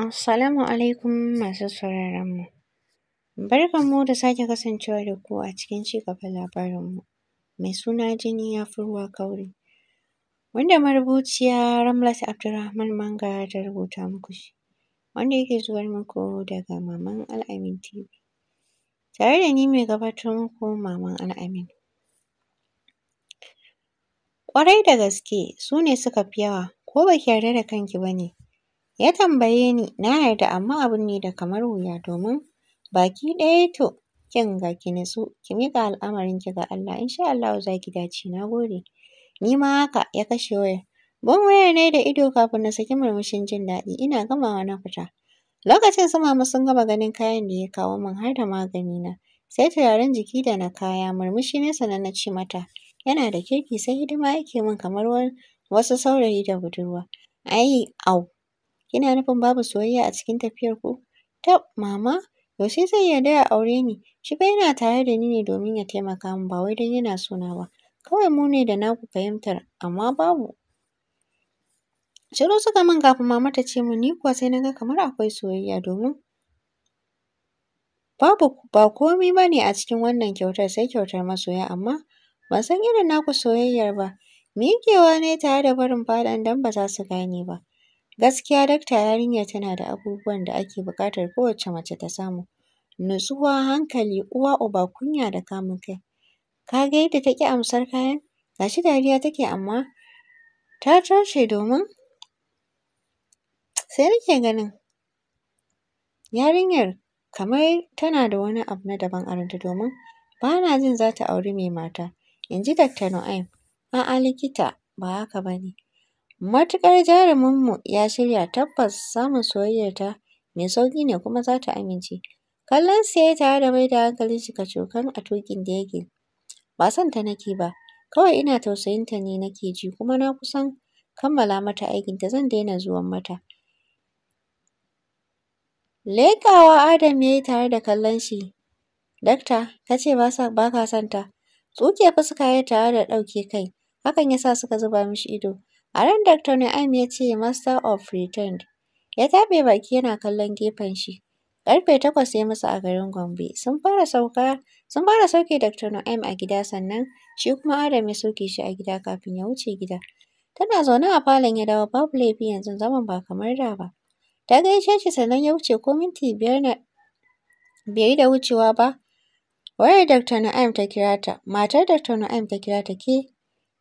Assalamu alaikum masu sauraron mu. Barkan mu da sake kasancewa da ku a cikin cigaban labarin mu mai suna jini ya furwa kauri. Wanda marubuciya Ramlat Abdulrahman Manga ta rubuta muku shi. Wanda yake zuwa muku daga Maman Al'amin TV. Tare da ni mai gabatar muku Maman Al'amin. Ƙwarai da gaske su ne suka fi yawa ko baki yarda da kanki ba ne Ya tambaye ni na yarda amma abun ne da kamar wuya domin baki ɗaya to kin ga ki natsu ki miƙa al'amarin ki ga Allah In sha Allahu za ki dace na gode. Ni ma haka ya kashe waya. Bin waya ne da ido kafin na saki murmushin jin daɗi ina gamawa na fita. Lokacin su mama sun gama ganin kayan da ya kawo min har da magani na. sai turaren jiki da na kaya murmushi ne sannan na ce mata yana da kirki sai hidima yake min kamar wasu saurayi da budurwa ai au Kina nufin babu soyayya a cikin tafiyar ku? Tab mama, yaushe zai yarda ya aure ni? Shi fa yana tare da ni ne domin ya taimaka min ba wai don yana so ba. Kawai mu ne da naku fahimtar amma babu. Shiru suka min kafin mama ta ce min ni kuwa sai na ga kamar akwai soyayya domin babu ba komai ba ne a cikin wannan kyautar sai kyautar masoya amma ban san irin naku soyayyar ba. Miƙewa na yi tare da barin faɗan don ba za su gane ba. Gaskiya dakta yarinya tana da abubuwan da ake buƙatar kowacce mace ta samu. Nutsuwa, hankali, uwa uba kunya da kamun kai. Ka ga yadda ta ƙi amsar kayan? Ga shi dariya take amma ta toshe domin sai nake ganin yarinyar kamar tana da wani abu na daban a ranta domin ba jin zata auri mai mata, in ji Dakta Nu'aim. A'a likita ba haka ba ne. Matuƙar jaruminmu ya shirya, tabbas samun soyayyar ta mai sauƙi ne kuma za ta amince. Kallonsa ya yi tare da mai da hankalin shi cokan a tuƙin da yake. Ba son ta nake ba, kawai ina tausayin ta ne nake ji kuma na kusan kammala mata aikinta zan daina zuwan mata. Leƙawa Adam ya yi tare da kallon shi. Dakta, ka ce ba ka son Tsuke fuska ya yi tare da ɗauke kai. Hakan ya sa suka zuba mishi ido. A ran Dr. Na'im ya ce Master of Pretend. Ya taɓe baki yana kallon gefen shi. Ƙarfe takwas ya musu a garin Gombe. Sun fara sauka, sun fara sauke Dr. Na'im a gida sannan shi kuma Adam ya sauke shi a gida kafin ya wuce gida. Tana zaune a falon ya dawo babu laifi yanzu zaman ba kamar da ba. Ta gaishe shi sannan ya wuce ko minti biyar na bai yi da wucewa ba. Wayar Dr. Na'im ta kira ta. Matar Dr. Na'im ta kira ta ke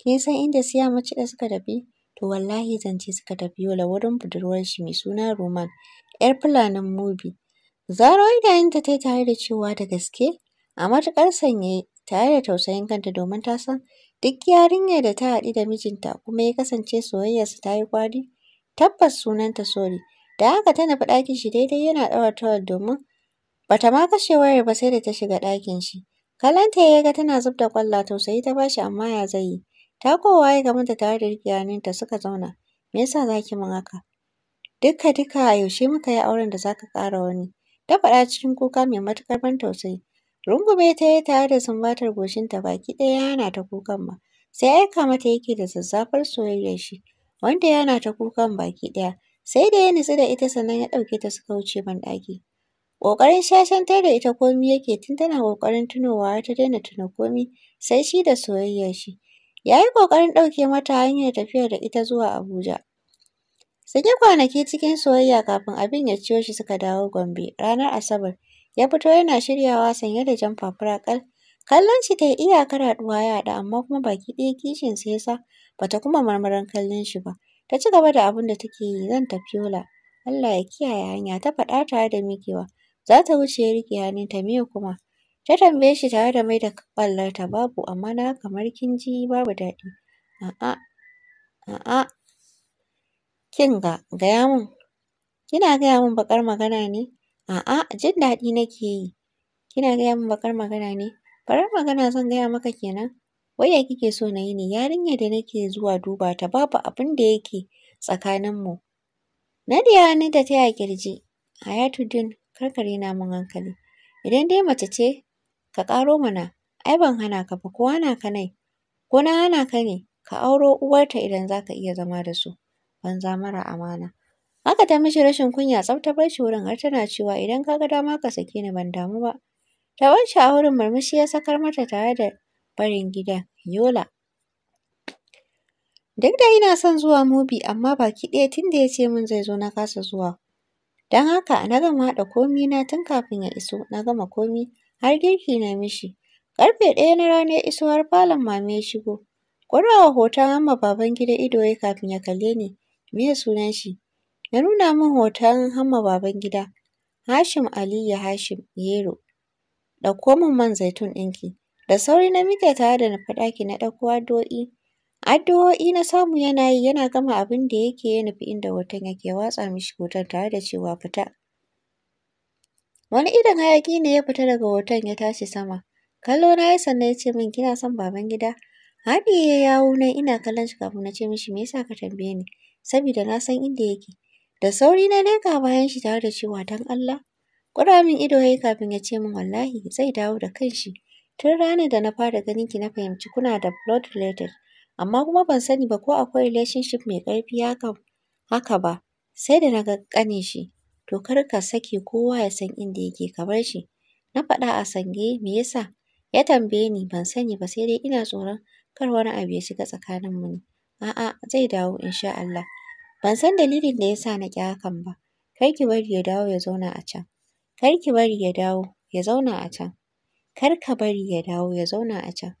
kin san inda siya mace da suka tafi? to wallahi zance suka tafi yola wurin budurwar shi mai suna Roman, ‘yar Fulanin Mubi. Zaro idanunta ta yi tare da cewa da gaske, a matuƙar sanye tare da tausayin kanta domin ta san duk yarinyar da ta haɗu da mijinta kuma ya kasance soyayyarsu ta yi ƙwari, tabbas sunanta Sori. Da haka ta nufi ɗakin shi daidai yana ɗaura domin ba ta ma kashe wayar ba sai da ta shiga ɗakin shi. Kalanta ya ga tana zub da ƙwalla tausayi ta bashi, amma ya zai yi. Ta kowa ya game da tare da riƙe suka zauna. Me yasa za ki min haka? Dukka duka yaushe muka yi auren da zaka ka ƙara wani? Ta faɗa cikin kuka mai matuƙar ban tausayi. Rungume ta yi tare da sumbatar goshinta baki ɗaya ya ta kukan ma. Sai aika mata yake da zazzafar soyayyar shi wanda ya ta kukan baki ɗaya. Sai da ya nutsu da ita sannan ya ɗauke ta suka wuce banɗaki. Ƙoƙarin shashantar da ita komi yake tun tana ƙoƙarin tunowa ta daina tuna komi sai shi da soyayyar shi. ya yi ƙoƙarin ɗauke mata hanyar tafiyar da ita zuwa Abuja. Sun yi kwanaki cikin soyayya kafin abin ya ciyo shi suka dawo Gombe ranar Asabar. Ya fito yana shiryawa sanye da jan fafura kal Kallon shi ta yi iyakar haduwa ya haɗu amma kuma baki ɗaya kishin sai sa ba ta kuma marmarin kallon shi ba. Ta ci gaba da abin da take yi zan tafi Yola. Allah ya kiyaye hanya ta faɗa tare da mikewa Za ta wuce ya riƙe ta me kuma. Ta tambaye shi tare da maida ta, Babu, amma na kamar kin ji babu daɗi. A'a, a'a, kin ga, gaya min. Kina gaya min baƙar magana ne? A'a, jin daɗi nake yi. Kina gaya min baƙar magana ne? Farar magana zan gaya maka kenan. Wai ya kike so na yi ne? Yarinyar da nake zuwa duba ta babu abin da yake tsakaninmu. Nadiya ni ta yi a ƙirji. Hayatuddin, kar ka raina hankali. Idan dai mace ce Ka ƙaro mana, ai ban hana ka ba, ko hana ka nai? Ko na hana ka ne? Ka auro uwarta idan za ka iya zama da su. Banza mara amana. Haka ta mishi rashin kunya tsaf ta bar shi wurin har tana cewa idan ka ga dama ka sake ni ban damu ba. Ta bar shi a wurin murmushi ya sakar mata tare da barin gida Yola. Duk da ina son zuwa Mubi amma baki ɗaya tunda ya ce min zai zo na kasa zuwa. Don haka na gama haɗa komi na tun kafin ya iso na gama komi har girki na mishi. Ƙarfe ɗaya na rana ya iso har falon mama ya shigo. wa hoton Hamma Babangida ido yayi kafin ya kalle ni. Meye sunan shi? Ya nuna min hoton Hamma Babangida. Hashim Aliyu Hashim Yero. Ɗauko min man zaitun ɗinki. Da sauri na miƙe tare da nufi ɗaki na ɗauko addu'o'i. Addu'o'i na samu yana yi yana gama abin da yake ya nufi inda hoton yake watsa mishi hoton tare da cewa fita. Wani idon hayaki ne ya fita daga hoton ya tashi sama. Kallo na ya sannan ya ce min kina son baban gida? ya yawo na ina kallon shi kafin na ce mishi me yasa ka tambaye ni? Saboda na san inda yake. Da sauri na leƙa bayan shi tare da cewa don Allah. Kura min ido yayi kafin ya ce min wallahi zai dawo da kanshi. Tun ranar da na fara ganin ki na fahimci kuna da blood related. Amma kuma ban sani ba ko akwai relationship mai ƙarfi haka haka ba. Sai da na ga ƙanin shi. to kar ka sake kowa ya san inda yake ka bar shi. Na faɗa a Sange me yasa? Ya tambaye ni ban sani ba sai dai ina tsoron kar wani abu ya shiga tsakanin mu ne. A'a zai dawo insha Allah. Ban san dalilin da ya sa na ƙi hakan ba. Kar ki bari ya dawo ya zauna a can. Kar ki bari ya dawo ya zauna a can. Kar ka bari ya dawo ya zauna a can.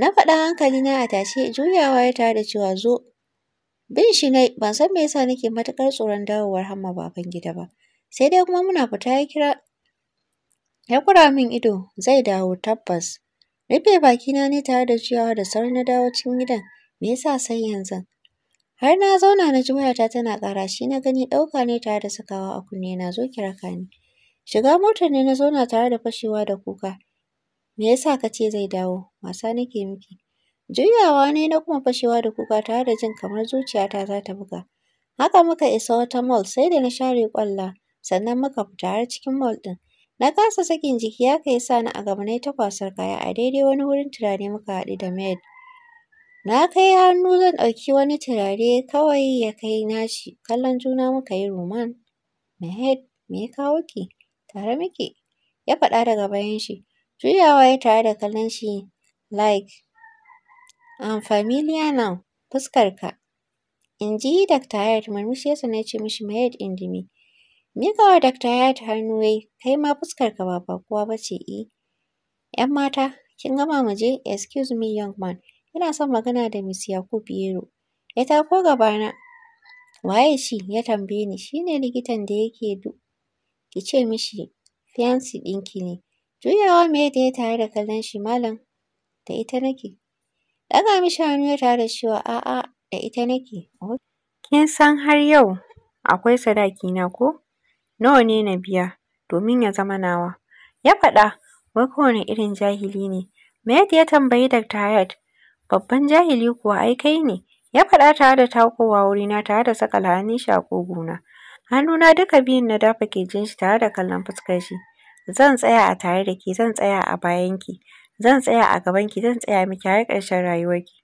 Na faɗa hankalina a tashe juyawa ya tare da cewa zo Bin shi ne ban san me yasa nake matuƙar tsoron dawowar Hamma baban gida ba. Sai dai kuma muna fita ya kira ya kura min ido zai dawo tabbas. Rufe bakina ne tare da ciyawa da sauri na dawo cikin gidan. Me yasa sai yanzu? Har na zauna na ji wayata tana kara shi na gani ɗauka ne tare da sakawa a kunne na zo kira ka ni. Shiga motar ne na zauna tare da fashewa da kuka. Me yasa ka ce zai dawo? Wasa nake miki. Juyawa ne na kuma fashewa da kuka tare da jin kamar zuciyata za ta buga. Haka muka isa wata mall sai da na share kwalla, sannan muka fita har cikin mall ɗin. Na kasa sakin jiki haka ya sa ni a gaba na yi ta kwasar kaya a daidai wani wurin turare muka haɗu da maid. Na kai hannu zan ɗauki wani turare kawai ya kai nashi kallon juna muka yi roman. Maid me ya kawo ki? Tare muke. Ya faɗa daga bayan shi. Juyawa ya tare da kallon shi like I'm nan fuskar fuskarka. In ji Dr. Hyatt murmushi ya na ce mishi Mayet in dimi. wa Dr. Hayat hannu yayi, kai ma fuskar ka ba bakuwa ba ce i eh. ‘Yan mata, kin gama mu je? Excuse me young man, ina son magana da Miss Yakub Yero. Ya gaba gabana. Waye shi? Ya tambaye ni. Shi ne likitan da yake du. Ki ce mishi fiancé ɗinki ne. Juyawa da ya tare da kallon shi malam, da ita nake. Ɗaga mishi hannu ya tare cewa a'a da ita nake. Kin san har yau akwai sadakina ko? Nawa ne na biya domin ya zama nawa? Ya faɗa wai kowane irin jahili ne. yadda ya tambayi Dr. Hayat babban jahili kuwa ai kai ne. Ya faɗa tare da takowa wurina tare da saka lahani shi a ƙuguna. Hannuna duka biyun na dafa kirjin shi tare da kallon fuskar shi. Zan tsaya a tare da ke zan tsaya a bayan ki. zan tsaya a gabanki zan tsaya miki har ƙarshen rayuwarki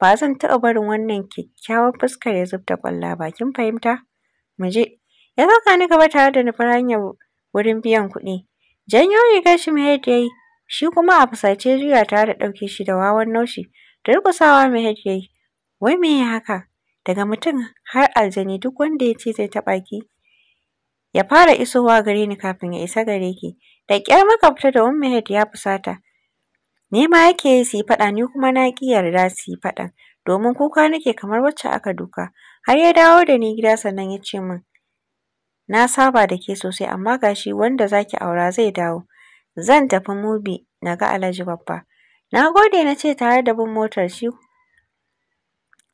ba zan taɓa barin wannan kyakkyawan fuskar ya zubta ƙwallo ba kin fahimta mu je ya saka ni gaba tare da nufar hanyar wurin biyan kuɗi janyo rigar shi mai yadda yayi shi kuma a fusace juya tare da ɗauke shi da wawan naushi da durƙusawa mai yadda yayi wai me ya haka daga mutum har aljani duk wanda ya ce zai taɓa ki ya fara isowa gare ni kafin ya isa gare ki da ƙyar maka fita da ummi ya fusata Nema yake yi su yi faɗa ni kuma na ƙi yarda su yi faɗan domin kuka nake kamar wacce aka duka. Har ya dawo da ni gida sannan ya ce min na saba da ke sosai amma gashi wanda zaki aura zai dawo. Zan tafi Mubi na ga Alhaji Babba. Na gode na ce tare da bin motar shi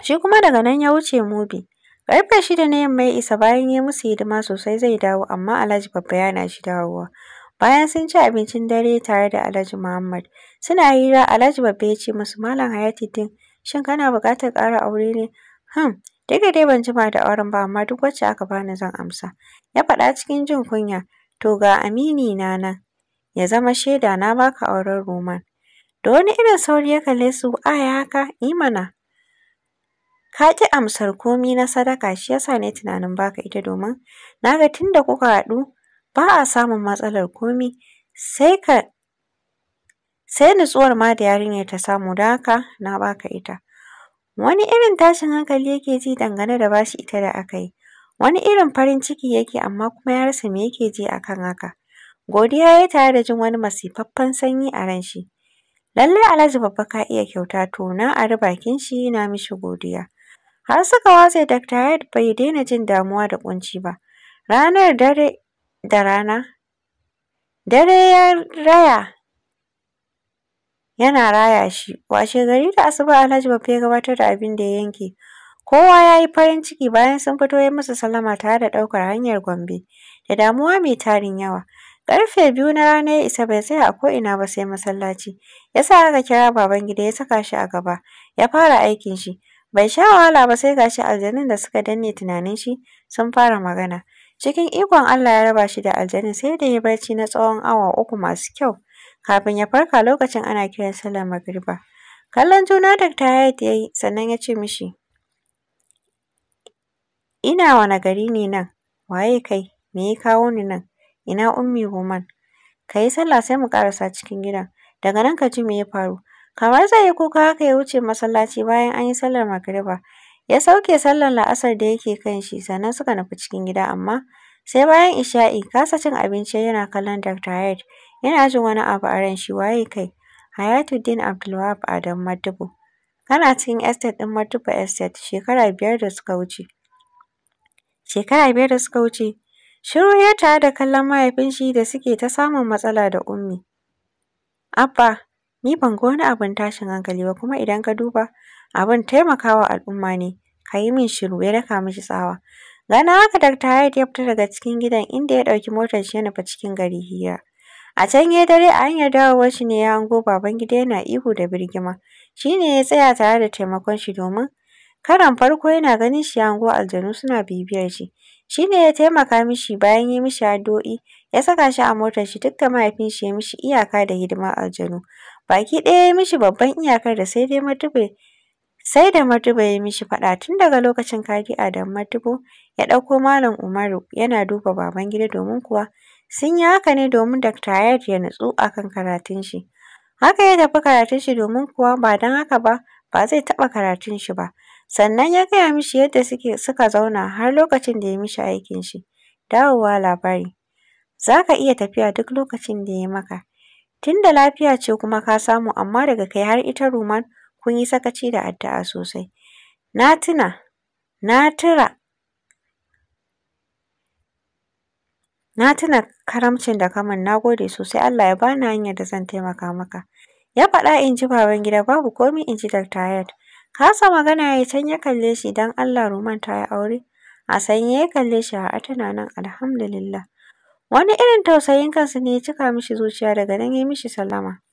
shi kuma daga nan ya wuce Mubi. Ƙarfe shida na yamma ya isa bayan ya musu hidima sosai zai dawo amma Alhaji Babba yana shi dawowa. Bayan sun ci abincin dare tare da Alhaji Muhammad, suna hira Alhaji Babba ya ce musu Malam Hayati din shin kana buƙatar ƙara aure ne? Hmm, duk da dai ban jima da auren ba amma duk wacce aka bani zan amsa. Ya faɗa cikin jin kunya, to ga amini na nan, ya zama shaida na baka auren Roman. Da wani irin sauri ya kalle su, aya haka, imana. ka ki amsar komi na sadaka shi yasa ne tunanin baka ita domin na ga tunda kuka haɗu ba a samun matsalar komi sai ka sai nutsuwar ma da yarinyar ta samu don haka na baka ita wani irin tashin hankali yake ji dangane da bashi ita da aka yi wani irin farin ciki yake amma kuma ya rasa me yake ji akan haka godiya yayi tare da jin wani masifaffen sanyi a ran shi lallai Alhaji babba ka iya kyauta to na ari bakin shi na mishi godiya har suka watse Dr. bai daina jin damuwa da ƙunci ba ranar dare da rana dare ya raya yana raya shi washe gari da asuba alhaji ba ya gabatar da abin da ya yanke kowa ya yi farin ciki bayan sun fito ya musu sallama tare da ɗaukar hanyar gombe da damuwa mai tarin yawa Ƙarfe biyu na rana ya isa bai tsaya a ko'ina ba sai masallaci. Ya sa aka kira gida ya saka shi a gaba. Ya fara aikin shi. Bai sha wahala ba sai gashi aljanun da suka danne tunanin shi sun fara magana. Cikin ikon Allah ya raba shi da aljanin sai da ya barci na tsawon awa uku masu kyau kafin ya farka lokacin ana kiran sallar magriba. Kallon juna da ta yayi sannan ya ce mishi, Ina wani gari ne nan? Waye kai? Me ya kawo ni nan? Ina Ummi woman Ka sallah sai mu karasa cikin gidan. Daga nan ka ji me ya faru. Kamar zai yi kuka haka ya wuce masallaci bayan an yi sallar magriba. Ya sauke sallar la'asar da yake kan shi sannan suka nufi cikin gida amma sai bayan isha'i kasa cin abinci yana kallon Dr. Hayat yana jin wani abu a ran shi waye kai Hayatuddin Abdulwahab Adam Madibo kana cikin estate ɗin Madibo estate shekara biyar da suka wuce. Shekara biyar da suka wuce shiru ya tare da kallon mahaifin shi da suke ta samun matsala da Ummi. Abba ni ban ga wani abin tashin hankali ba kuma idan ka duba abin taimakawa al'umma ne ka yi min shiru ya daka mishi tsawa ganin haka Dakta Hayat ya fita daga cikin gidan inda ya ɗauki motar shi ya nufi cikin gari hira a can ya dare a hanyar dawowar shi ne ya hango Babangida yana ihu da birgima shi ne ya tsaya tare da taimakon shi domin karon farko yana ganin shi ya hango aljanu suna bibiyar shi shi ne ya taimaka mishi bayan yi mishi addu'o'i ya saka shi a motar shi duk da mahaifin shi ya mishi iyaka da hidimar aljanu baki ɗaya ya mishi babban iyakar da sai dai madube sai da Maduba ya mishi faɗa tun daga lokacin kaji Adam madubu ya ɗauko Malam Umaru yana duba Babangida domin kuwa sun yi haka ne domin Dr. Hayat ya nutsu akan karatun shi. Haka ya tafi karatun shi domin kuwa ba dan haka ba ba zai taɓa karatun shi ba. Sannan ya gaya mishi yadda suke suka zauna har lokacin da ya mishi aikin shi. Dawowa labari. zaka iya tafiya duk lokacin da ya maka. Tunda lafiya ce kuma ka samu amma daga kai har ita Ruman kun yi sakaci da addu'a sosai. Na tuna, na tura Na tuna karamcin da ka min, na gode sosai Allah ya bani hanyar da zan taimaka maka. Ya faɗa in ji gida babu komai in ji Dr. Hayat. Kasa magana ya can ya kalle shi don Allah Ruman ta yi aure. A sanye ya kalle shi a tana nan alhamdulillah. Wani irin tausayin kansa ne ya cika mishi zuciya daga nan ya mishi sallama.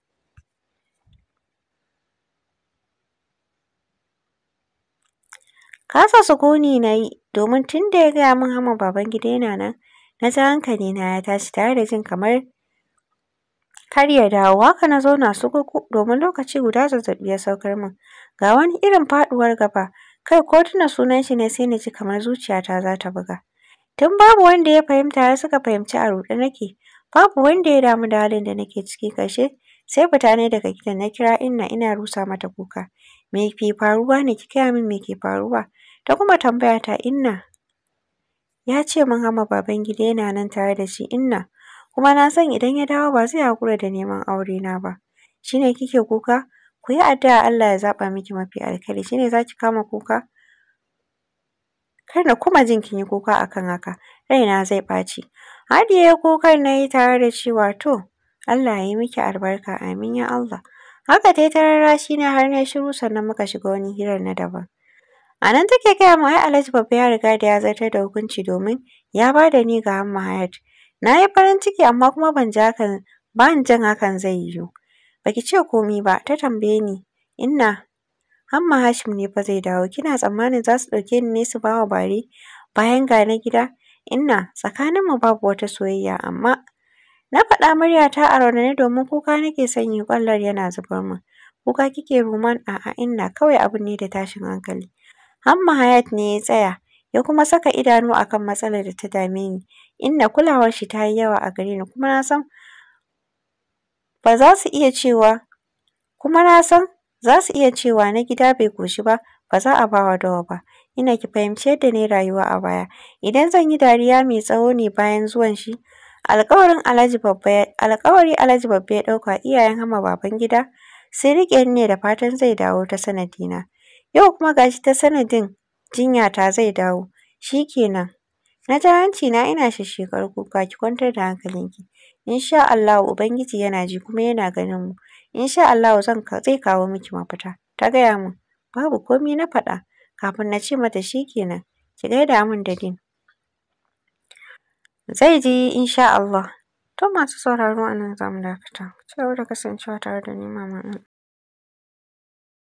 Kasa sukuni na yi domin tun da ya gaya min baban gida yana nan na ji hankali na ya tashi tare da jin kamar karya ya dawo haka na zauna sukuku domin lokaci guda zazzaɓi ya saukar min ga wani irin faɗuwar gaba kai ko tuna sunan shi ne sai na ji kamar zuciyata za ta buga tun babu wanda ya fahimta ya suka fahimci a ruɗe nake babu wanda ya damu da halin da nake ciki ƙarshe sai fita ne daga gidan na kira inna ina rusa mata kuka me ke faruwa ne ki kaya min me ke faruwa Ta kuma tambaya ta Inna ya ce min Hamma Babangida yana nan tare da shi Inna kuma na san idan ya dawo ba zai haƙura da neman aure na ba. Shi ne kike kuka? Ku yi addu'a Allah ya zaɓa miki mafi alkhairi. Shi ne za ki kama kuka? Kar na kuma jin kin yi kuka a kan haka. Raina zai ɓaci. Hadiye kukan na yi tare da shi wato. Allah ya yi miki albarka amin ya Allah. Haka dai ta rarrashi ne har na shiru sannan muka shiga wani hirar na daban. A nan take gaya mu ai Alhaji Babba ya riga da ya zartar da hukunci domin ya ba da ni ga Amma Hayat. Na yi farin ciki amma kuma ban ji hakan ba ni jin hakan zai yiwu. Baki ce komi ba ta tambaye ni inna Amma Hashim ne fa zai dawo kina tsammanin za su ɗauke ni ne su bawa bare bayan ga na gida inna tsakanin mu babu wata soyayya amma na faɗa ta a raunane domin kuka nake sanyi ƙwallon yana zubar mun kuka kike ruman a'a inna kawai abun ne da tashin hankali Hamma Hayat ne ya tsaya, ya kuma saka idanu a kan matsalar da ta dame ni, inda kulawar shi ta yi yawa a gare ni kuma na san ba za su iya cewa kuma na san za su iya cewa na gida bai goshi ba, ba za a bawa dawa ba. Ina ki fahimci yadda ne rayuwa a baya. Idan zan yi dariya mai tsawo ne bayan zuwan shi, alƙawarin Alhaji Babba alƙawari Alhaji Babba ya ɗauka iyayen Hamma Babangida sun riƙe ni ne da fatan zai dawo ta sanadina. Yau kuma ga shi ta sanadin jinya ta zai dawo. Shi kenan. Na ja na ina shekaru kuka ki kwantar da hankalinki. Insha Allahu Ubangiji yana ji kuma yana ganin mu. Insha Allahu zan zai kawo miki mafita. Ta gaya min. Babu komi na faɗa. Kafin na ce mata shi kenan. Ki gaida min da din Zai ji insha Allah. To masu sauraro a nan za mu dakata. Ku ci da kasancewa tare da ni Maman.